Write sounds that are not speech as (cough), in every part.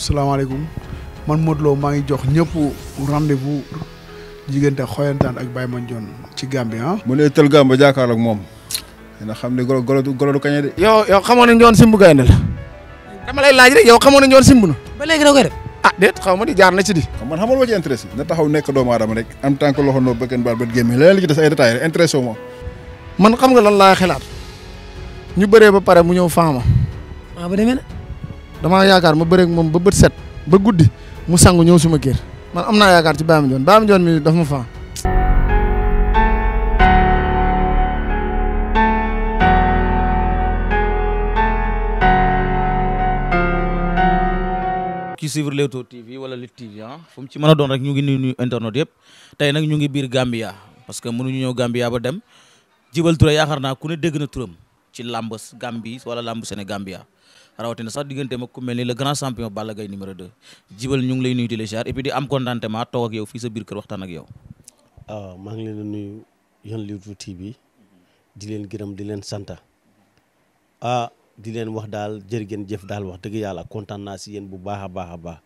salaamaaleykum man Modou Lo maa ngi jox ñëpp rendez-vous diggante xoyantaan ak Baye Mandione ci Gambie ah. mu ne tël Gambie jàkkaarloog moom. dina xam ne golo golo golo du kañe de. yow yow xamoon nañu yoon simbu gaynde la. dama lay laaj rek yow xamoon nañu yoon simbu na. ba léegi da koy def. ah déet xaw ma di jaar na ci di. man xamal ma ci intéressé na taxaw nekk doomu aadama rek en tant que loxo noo bëgën baal bët gémmi leneen li ci des ay détails intéressé wu man xam nga lan laa xalaat ñu bëree ba pare mu ñëw faama. Ah, damaa yaakaar ma bëreeg moom ba bët set ba guddi mu sangu ñëw suma kër man am naa yaakaar ci Baye Mandione Baye Mandione mi daf ma faa. ki suivre wala Lutte TV ah ci mën doon rek ñu ngi nuyu internet yëpp tey nag ñu ngi biir Gambia parce que mënuñu ñëw Gambia ba dem Djibbal Touré yaakaar naa ku ne dégg na turam ci làmb Gambie wala làmb Sénégambia rawatina sax diggante ma ku mel ni le grand champion Balla Gaye numéro 2 jibal ñu ngi lay nuyu di la ziar et puis di am contentement toog ak yow fii sa biir kër waxtaan ak yow. waaw ah, maa ngi leen di nuyu Yon Lutte TV di leen gërëm di leen sant ah di leen wax daal jër ngeen jëf daal wax dëgg yàlla kontaan naa si yéen bu baax a baax a baax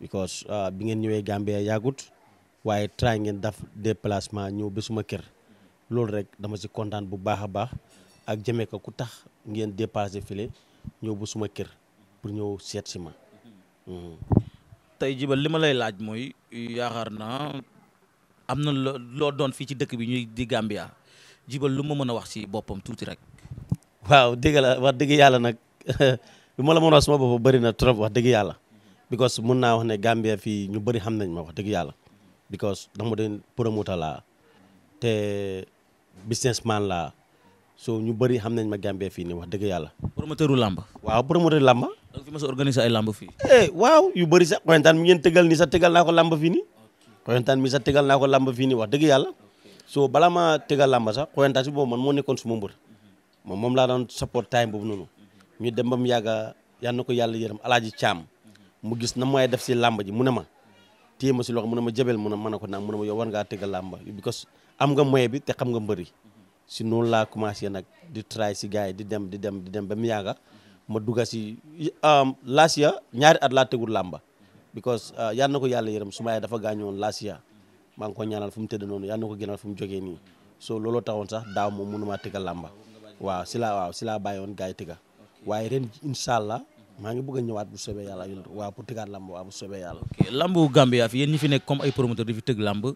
because ah, bi ngeen ñëwee Gambia yàggut waaye try ngeen daf déplacement ñëw ba suma kër loolu rek dama si kontaan bu baax a baax ak jëme ko ku tax ngeen dépassé file. ñëw ba suma kër pour ñëw seet si ma. Mm-hmm. tey jibal li ma lay laaj mooy yaakaar naa am na loo doon fii ci dëkk bi ñuy di Gambia jibal lu ma mën a wax si boppam tuuti rek. waaw dëgg la dëgg yàlla nag (laughs) lu ma la mën a wax sama bopp na trop wax dëgg yàlla. because mun naa wax ne Gambia fii ñu bari xam nañ ma wax dëgg yàlla. because dama doon promoteur laa te businessman laa so ñu bëri xam nañ ma Gambie fii nii wax dëgg yàlla. promoteur u làmb. waaw promoteur làmb. da nga fi a organiser ay làmb fii. eh waaw yu bëri sax xoyantaan mi ngeen tëgal nii sax tëgal naa ko làmb fii nii. xoyantaan mi sax tëgal naa ko làmb fii nii wax dëgg yàlla. so balaa ma tëgal lamba sax xoyantaan si boobu man moo nekkoon suma mbër. Mhm. moom moom laa doon support time boobu noonu. Mhm. ñu dem ba mu yàgg yal ko yàlla yërëm alaaji caam. Mhm. mu gis na may def si lamba ji mu ne ma. téye ma si loxo mu ne ma jëbel mu ne ma ne ko naan mu ne ma yow war ngaa tëgal làmb because am nga moyen bi te xam nga mbëri si noonu laa commencé nag di try si gars yi di dem di dem dem ba mu yàgga ma dugga si um, laasia ñaari at laa tegul làmba because uh, yal na ko yàlla yërëm su ma yaay dafa gaañoon laasia maa ngi ko ñaanal fu mu tëdd noonu yal na ko gënal fu mu jógee nii so looloo taxoon sax daaw moom mënumaa tëgga làmba waaw si laa waaw si laa bàyyi woon gars yi waaye ren incha maa ngi bëgg a ñëwaat bu soobee yàlla waaw pour tëggaat lamb waaw bu soobee yàlla. ok lambu Gambia fi yéen ñi fi nekk comme ay promoteur di fi tëgg lamb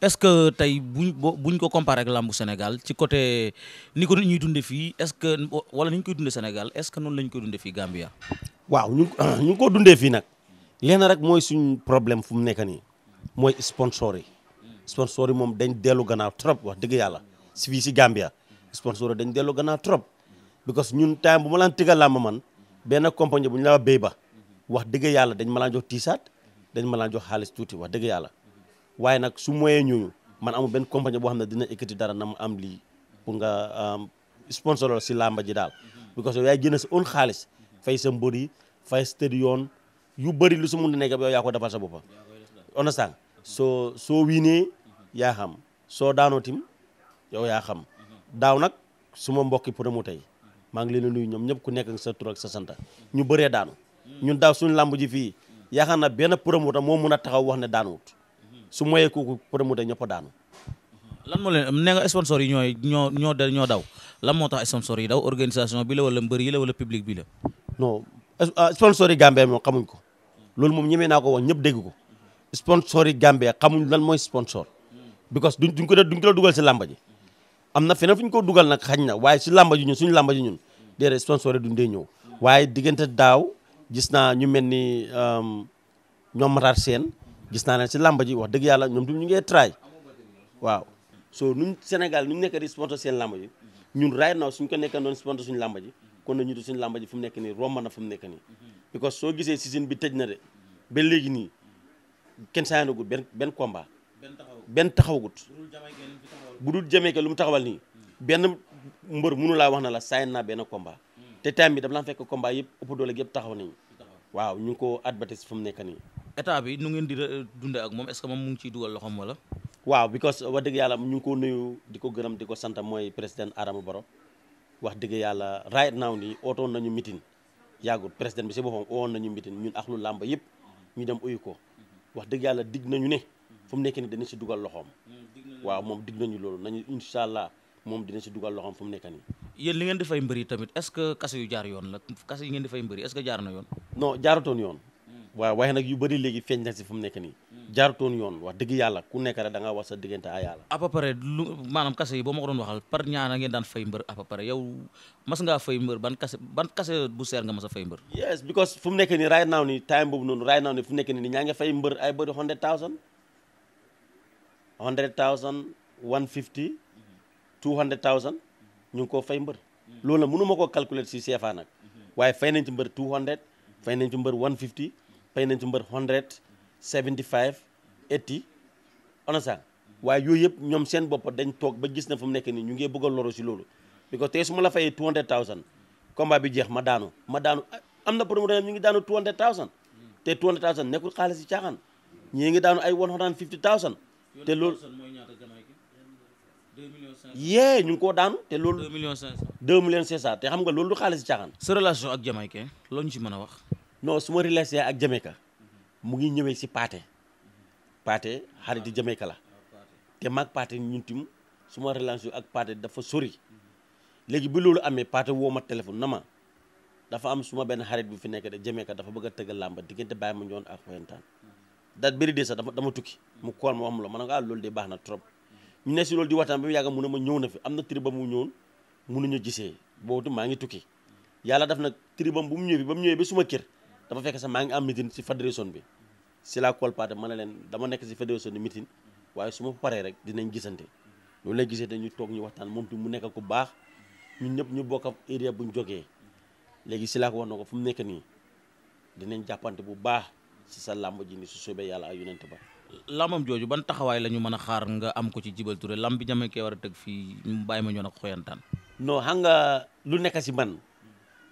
est-ce que tey buñ buñ ko comparé ak lambu Sénégal ci côté ni ko ñuy dundee fii est-ce que wala ni ñu koy dundee Sénégal est-ce que noonu la ñu koy dundee fii Gambia. waaw ñu ah, ñu ko dundee fii nag lenn rek mooy suñ problème fu mu nekk nii mooy sponsor yi. sponsor yi moom dañ dellu gannaaw trop wax dëgg yàlla si fii si Gambia sponsor yi dañ dellu gannaaw trop because ñun time bu ma laan tëggal lamb man. benn compagnie bu ñu la béy ba wax dëgg yàlla dañ ma laa jox tiisaat dañ ma laa jox xaalis tuuti wax dëgg yàlla waaye nag su moyee ñooñu man amul benn compagnie boo xam ne dina ekkati dara na mu am lii pour nga sponsor si làmba ji daal because yow yaay jënd sa own xaalis fay sa mbër yi fay stade yoon yu bëri lu su mun nekk ba yaa ko defal sa boppa understand soo soo wiinee yaa xam soo daanoo tim yow yaa xam daaw nag su ma mbokki pour mu tey maa ngi leen a nuyu ñoom ñëpp ku nekk sa tur ak sa santa ñu bëree daanu ñun daaw suñu làmb ji fii yaakaar na benn promoteur moo mun a taxaw wax ne daanuwut su moyee kooku promoteur ñëpp a daanu lan moo leen nee nga sponsor yi ñooy ñoo ñoo da ñoo daw lan moo tax sponsor yi daw organisation bi la wala mbër yi la wala public bi la non ah, sponsor yi Gambie moom xamuñ ko loolu moom ñemee naa ko wax ñëpp dégg ko sponsor yi gambee xamuñ lan mooy sponsor because duñ duñ ko duñ ko dugal si làmb ji am na feneen fu ñu ko dugal nag xañ na waaye si làmba ju ñun suñu làmba ju ñun des responsable duñ dee ñëw waaye diggante daaw gis naa ñu mel ni euh, ñoom Matar seen gis naa ne si làmba ji wax dëgg yàlla ñoom du ñu ngee try waaw so nuñ Sénégal nuñ nekk di sponsor seen làmba ji ñun right now suñ ko nekka doon sponsor suñu làmba ji kon na ñu du suñu làmba ji fu mu nekk nii romb na fu mu nekk nii because soo gisee season bi tëj na de ba léegi nii kenn saanagut benn benn combat benn taxawagut bu du jëmee que lu mu taxawal nii benn mbër munu laa wax na la saay naa benn combat te time bi dama la fekk combat yëpp ëpp doole yëpp taxaw nañu waaw ñu ngi ko advertise fu mu nekk nii. état bi nu ngeen di euh, dundee ak moom est ce que moom mu ngi ciy dugal loxoom wala. waaw because wax dëgg yàlla ñu ngi ko nuyu di ko gërëm di ko sant mooy président Adama Barrow wax dëgg yàlla right now nii ootoon nañu meeting yàggul président bi si boppam oowoon nañu meeting ñun axlu làmb yëpp ñu dem uyu ko wax dëgg yàlla dig nañu ne fu mu nekk si dugal loxoom. Mm, waaw moom dig nañu loolu nañu incha allah moom dina si dugal loxoom fu mu nekk nii. yéen li ngeen di fay mbëri tamit est ce que kase yu jaar yoon la kase yi ngeen di fay mbëri est ce que jaar hmm. yu bëri léegi feeñ na si fu mu nekk nii. Hmm. jaaratoon yoon wax dëgg yàlla ku nekk rek wax sa diggante a kase yi boo ma ko doon waxal par ñaana ngeen daan fay mbër à peu près yow mas ngaa fay mbër ban kase ban kase bu seer nga mas a fay mbër. yes because fu nekk nii right now nii time boobu noonu right now nii fu nekk nii ñaa ngi fay mbër ay bëri hundred thousand hundred thousand one fifty two hundred thousand ñu ngi koo fay mbër mm-hmm. loolu nag mënuma koo calculer si CFA nag mm-hmm. waaye fay nañ ci mbër two hundred fay nañ ci mbër one fifty fay nañ ci mbër hundred seventy five eighty onasan mm-hmm. waaye yooyu yëpp ñoom seen bopp dañ toog ba gis na fu mu nekk nii ñu ngee bëgga a loru si loolu because tey su ma la fayee two hundred thousand combat bi jeex ma daanu ma daanu am na promoteur ñu ngi daanu two hundred thousand te two hundred thousand nekkul xaalis si caaxaan ñii ngi daanu ay one hundred and fifty te loolu yee ñu ngi koo daan te loolu. 2 millions 500 2 millions 500 te xam nga loolu du xaalis caaxaan. sa relation ak Jamaïcain loo ñu ci mën a wax. non su ma relaxé ak Jamaïcain mu ngi ñëwee si Pathé Pathé xaritu Jamaïcain la te maag Pathé ñun tim su ma relation ak paate dafa sori léegi bi loolu amee Pathé woo ma téléphone na ma dafa am su ma benn xarit bu fi nekk de Jamaïcain dafa bëgg a tëgg làmba diggante bàyyi ma ñoon ak xoyantaan daal bëri de sax dama tukki mu kool ma wax mu la ma ne ko ah, loolu de baax na trop ñu ne si loolu di waxtaan bi mu yàgg mu ne ma ñëw na fi am na tribam mu ñëwoon mënuñu gisee boobu maa ngi tukki yàlla daf na tribam bu mu ñëwee ba mu ñëwee ba suma kër dafa fekk sax maa ngi am meeting si fédération bi si laa kool paate ma ne leen dama nekk si fédération bi meeting su ma paree rek dinañ gisante loolu lay gisee dañu toog ñu waxtaan moom tamit mu nekk ku baax ñun ñëpp ñu bokk ak area bu ñu jógee léegi si laa ko wax na ko fu mu nekk nii dinañ jàppante bu baax ci sa làmb ji ni su soobee yàlla ay yonent ba làmbam jooju ban taxawaay la ñu mën a xaar nga am ko ci Djimbal Touré làmb bi kee war a tëgg fii mu ma ñoon ak xoyantaan non xam nga lu nekk si man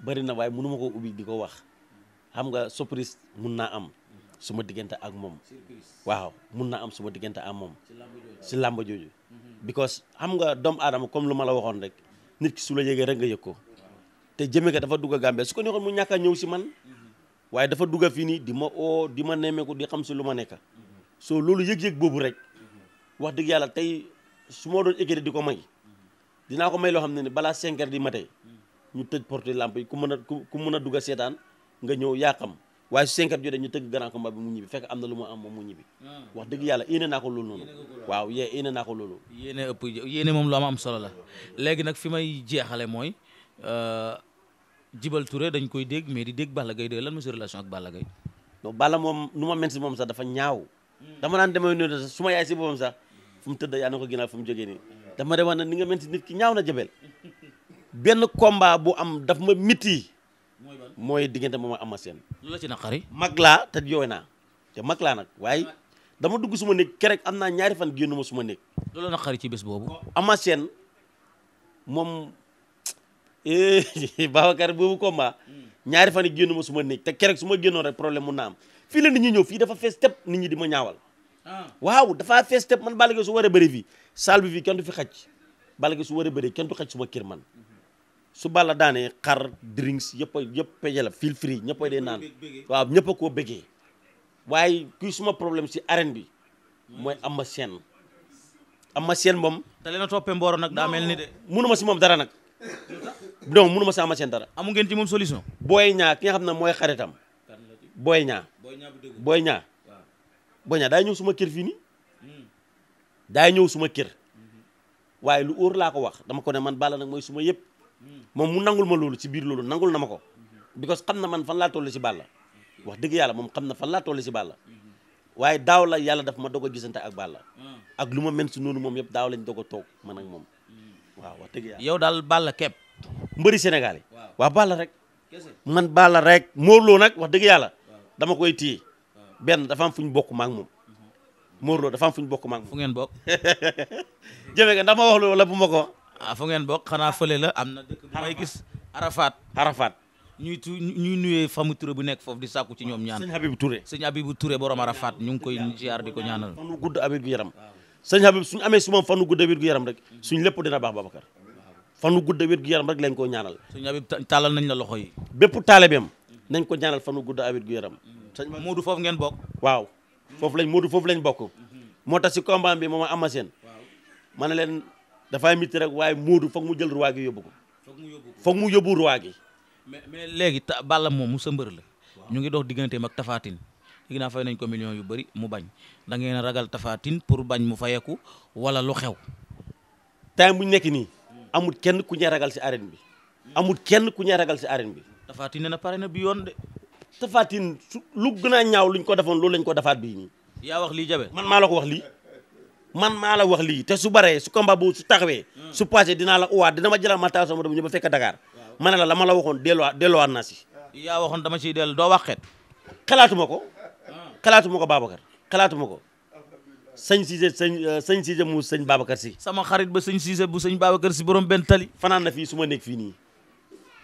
bëri na waaye mënu ma ko ubbi di ko wax xam nga surprise mun naa am suma diggante ak moom waaw mun naa am suma diggante ak moom si làmb jooju mhm. because xam nga doomu aadama comme lu ma la waxoon rek nit ki su la yëgee rek nga yëg ko te jëme ka dafa dugg a su ko neexoon mu ñàkk ñëw si man mhm. waaye dafa dugg fii nii di ma oo di ma nemmeeku di xam si lu ma nekk soo loolu yëg-yëg boobu rek wax dëgg yàlla tey su ma doon écrit di ko may dinaa ko may loo xam ne ni balaa cinq heures ma tey ñu tëj porte làmp yi ku mën a ku mën a dugg seetaan nga ñëw yaa xam waaye su cinq heures jotee ñu tëgg grand combat bi mu ñibbi fekk am na lu ma am moom mu ñibbi hmm. wax dëgg yàlla yéene naa ko loolu noonu waaw yee naa ko loolu yéene ëpp yéene moom lu am am solo la léegi nag fi may jeexale mooy euh, jibal Touré dañ koy dégg mais di dégg Balla gay de lan mooy sa relation ak Balla Gaye non Balla moom nu ma mel moom sax dafa ñaaw dama naan demay noonu sax su ma yaay si boppam sax fu mu tëdd yaa na ko fu mu jógee nii dama dem na ni nga mel nit ki ñaaw na jabel benn combat bu am daf ma miti mooy diggante moom ama seen lu la ci naqari mag laa te yooy naa te mag laa nag waaye dama dugg suma néeg kerek am naa ñaari fan génnuma suma néeg loolu naqari ci bés boobu ama seen moom Eh, (laughs) Babacar boobu combat hmm. ñaari fan yi génn ma su ma néeg te keroog su ma génnoon rek problème mun na am fii la nit ñi ñëw fii dafa fees tepp nit ñi di ma ñaawal ah. waaw dafa fees tepp man Balla Gaye su war a bëri fii salle bi fii kenn du fi xaj Balla Gaye su war a bëri kenn du xaj su ma kër man su Balla daanee xar drinks yëpp a yëpp pejala feel free ñëpp a dee naan waaw ñëpp a koo bëggee waaye kuy suma problème si arène bi mooy ama seen ama seen moom te leen a toppee mbooro nag daa mel ni de munuma si moom dara nag donc mënu ma sama seen dara. amu ngeen ci moom solution. booy ñaa ki nga xam ne mooy xaritam. booy ñaa. booy ñaa booy ñaa daay ñëw suma kër fii nii hmm. daay ñëw suma kër mhm. waaye lu óor laa ko wax dama ko ne man baal nag mooy suma yëpp hmm. moom mu nangul ma loolu ci biir loolu nangul na ma ko mhm. because xam na man fan laa toll si la wax dëgg yàlla moom xam na fan laa toll si la mhm. waaye daaw la yàlla daf ma doog a gisante ak Balla ah. ak lu ma mel si noonu moom yëpp daaw lañ doog toog man ak moom hmm. waaw wax dëgg yow daal Balla kepp mbëri senegali yi. waaw rek. man Balla rek Morlo nag wax dëgg yàlla. dama koy téye. benn dafa am fu ñu bokk ma ak moom. Mhm. Morlo dafa am fu ñu bokk ma ak ngeen bokk. (laughs) jëmee nga ndax ma wax loolu wala bu ma ko. ah fu ngeen bokk xanaa fële la am na dëkk bu may gis. Arafat Arafat. ñuy tu ñuy nuyee famille Touré bu nekk foofu di sàkku ci ñoom ñaan. sëñ Habib Touré sëñ Habib Touré borom ñu ngi koy ziar di ko ñaanal. gudd abir gu sëñ Habib suñu amee suma fanu gudd abir gu yaram rek mhm. suñ lépp dina baax Babacar fanu gudda wér gu yaram rek lañ koo ñaanal sëñ Habib tàllal nañ la loxo yi bépp taalibeem nañ ko ñaanal fanu gudda ak wér gu yaram sëñ Modou foofu ngeen bokk waaw foofu lañ Modou foofu lañ bokk moo tax si combat bi am ama seen ma ne leen dafay miti rek waaye muudu foog mu jël ruwaa gi yóbbu ko foog mu yóbbu ruwaa gi mais mais léegi Balla moom mu sa mbër la ñu ngi dox digganteem ak Tapha Tine léegi naa fay nañ ko millions yu bëri mu bañ da ngeen ragal Tapha Tine pour bañ mu fayeku wala lu xew temps nekk nii amul kenn ku ñuy ragal si arène bi amul kenn ku ñuy ragal si arène bi. Tapha Tine nee na pare na bi yoon de. Tapha lu gën a ñaaw luñ ko defoon loolu lañ ko defaat bii nii. yaa wax lii jabe man maa la ko wax lii. man maa la wax lii te su baree su combat boobu su taxawee. su passé dinaa la uwaat dina ma jëlaat ma taw sama doom ñu ba fekk dagaar ma ne la la ma la waxoon delluwaa delluwaat naa si. yaa waxoon dama ciy dellu doo wax xet. xalaatu ma ko. Ah. xalaatu moo ko Babacar xalaatu ma ko. sëñ Cissé sëñ euh, sëñ Cissé mu sañ Babacar si sama xarit ba sëñ Cissé bu sëñ Babacar si borom benn tali fanaan na fii su ma nekk fii nii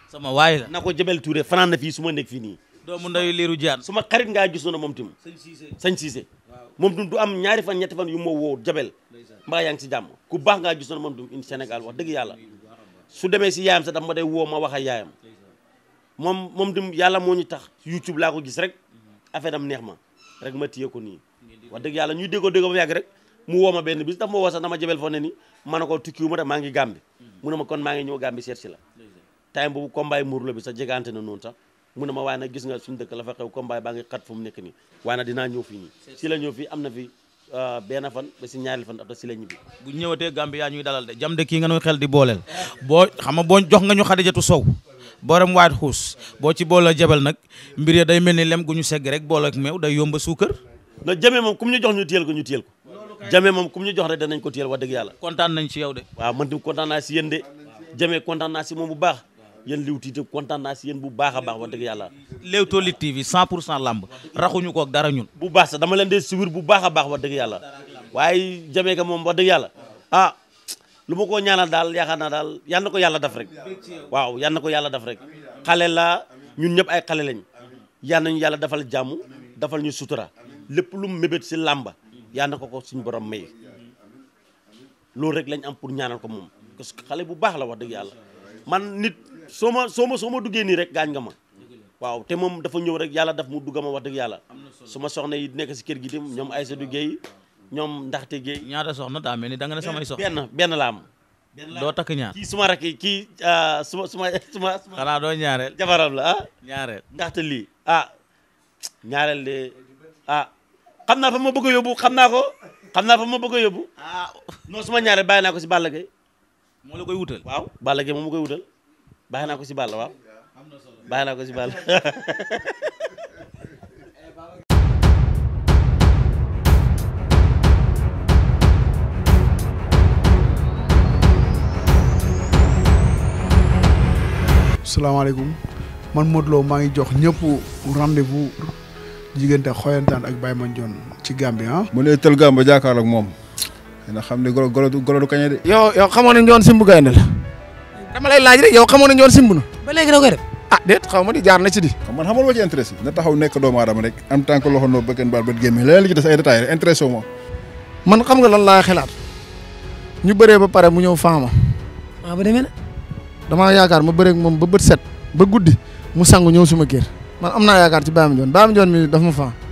sama waaye la na ko Jabel Touré fanaan na fii su ma nekk fii nii doomu ndayu liiru jaan su ma xarit ngaa gis na moom tim sañ Cissé sëñ Cissé moom tim du am ñaari fan ñetti fan yu ma woo Jabel mbaa yaa ngi si jàmm ku baax ngaa gis noonu moom tim in Sénégal wax dëgg yàlla su demee si yaayam sa daf ma day woo ma wax yaayam moom moom tim yàlla moo ñu tax YouTube laa gis rek mhm. affaire am neex ma rek ma téye ko nii wax dëgg yàlla ñuy déggoo déggoo ba yàgg rek mu woo ma benn bis daf ma woo sax dama jëbel foofu ne ni ma ne ko tukkiwu ma de maa ngi gàmbi mu ne ma kon maa ngi ñëw gàmbi seet si la time boobu combat muur la bi sax ma waaye la fa xew combat baa ngi xat fu mu nekk nii waaye nag dinaa ñëw fii nii si la ñëw fii am na fi euh, benn fan ba si ñaari fan après si la ñibbi bu ñëwatee Gambie yaa ñuy dalal de jam de kii nga nuy xel di booleel boo xam boo jox nga ñu Xadijatu Sow borom boo rek boole ak non jame moom ku mu ñu jox ñu téyel ko ñu téyel ko jame moom ku mu ñu jox rek ko téyel wax dëgg yàlla kontaan nañ ci yow de waaw man di kontaan naa si yéen de jame kontaan naa si moom bu baax yéen Leewtoo itam kontaan naa si yéen bu baax a baax wax dëgg yàlla Leewtoo Lutte TV 100 pour cent lamb raxuñu ko ak dara ñun bu baax sa dama leen dee suivre bu baax a baax wax dëgg yàlla waaye jamee ka moom wax dëgg yàlla ah lu ma koo ñaanal daal yaakaar naa daal yal na ko yàlla daf rek waaw yal na ko yàlla daf rek xale la ñun ñëpp ay xale lañ yal nañu yàlla dafal jàmm dafal ñu sutura lépp lu mu mébét si làmba yaa na ko ko suñu borom may loolu rek lañ am pour ñaanal ko moom parce que xale bu baax la wax dëgg yàlla man nit soo ma soo ma soo ma duggee nii rek gaañ nga ma waaw te moom dafa ñëw rek yàlla daf mu dugga ma wax dëgg yàlla su ma soxna yi nekk si kër gi tam ñoom Aïssatou Gueye ñoom ndaxte Gueye ñaata soxna daa mel ni da nga ne samay soxna benn benn la am doo takk ñaar kii suma rakk kii ah, suma suma suma xanaa ñaareel jabaram la ah ñaareel ndaxte lii ah ñaareel de ah xam naa fa ma bëgg a xam naa ko xam naa fa ma bëgg a yóbbu. ah non suma ñaare bàyyi naa ko si Balla Gaye. moo la koy wutal waaw Balla koy wutal bàyyi naa ko si Balla waaw. bàyyi naa ko si Balla. salaamaaleykum man Modou Lo maa ngi jox ñëpp rendez-vous. jiggante xoyantaan ak Baye Mandione ci bi ah. mu ne tël Gambie jàkkaarloo ak moom dina xam ne golo golo du golo du de. yow yow xamoon nañu yoon simbu gaynde la dama lay laaj rek yow xamoon nañu yoon simbu na. ba léegi da koy def. ah déet xaw ma di jaar na ci di. man xamal ma ci intéressé na taxaw nekk doomu aadama rek en tant que loxo noor bëgën baal bët gémmi man xam nga lan laa xelaat ñu bëree ba pare mu ñëw faama. waaw ah, ba demee damaa yaakaar ma bëree moom ba bët set ba guddi mu sangu ñëw suma kër man am naa yaakaar ci Baye Mandione Baye Mandione mi daf ma faa.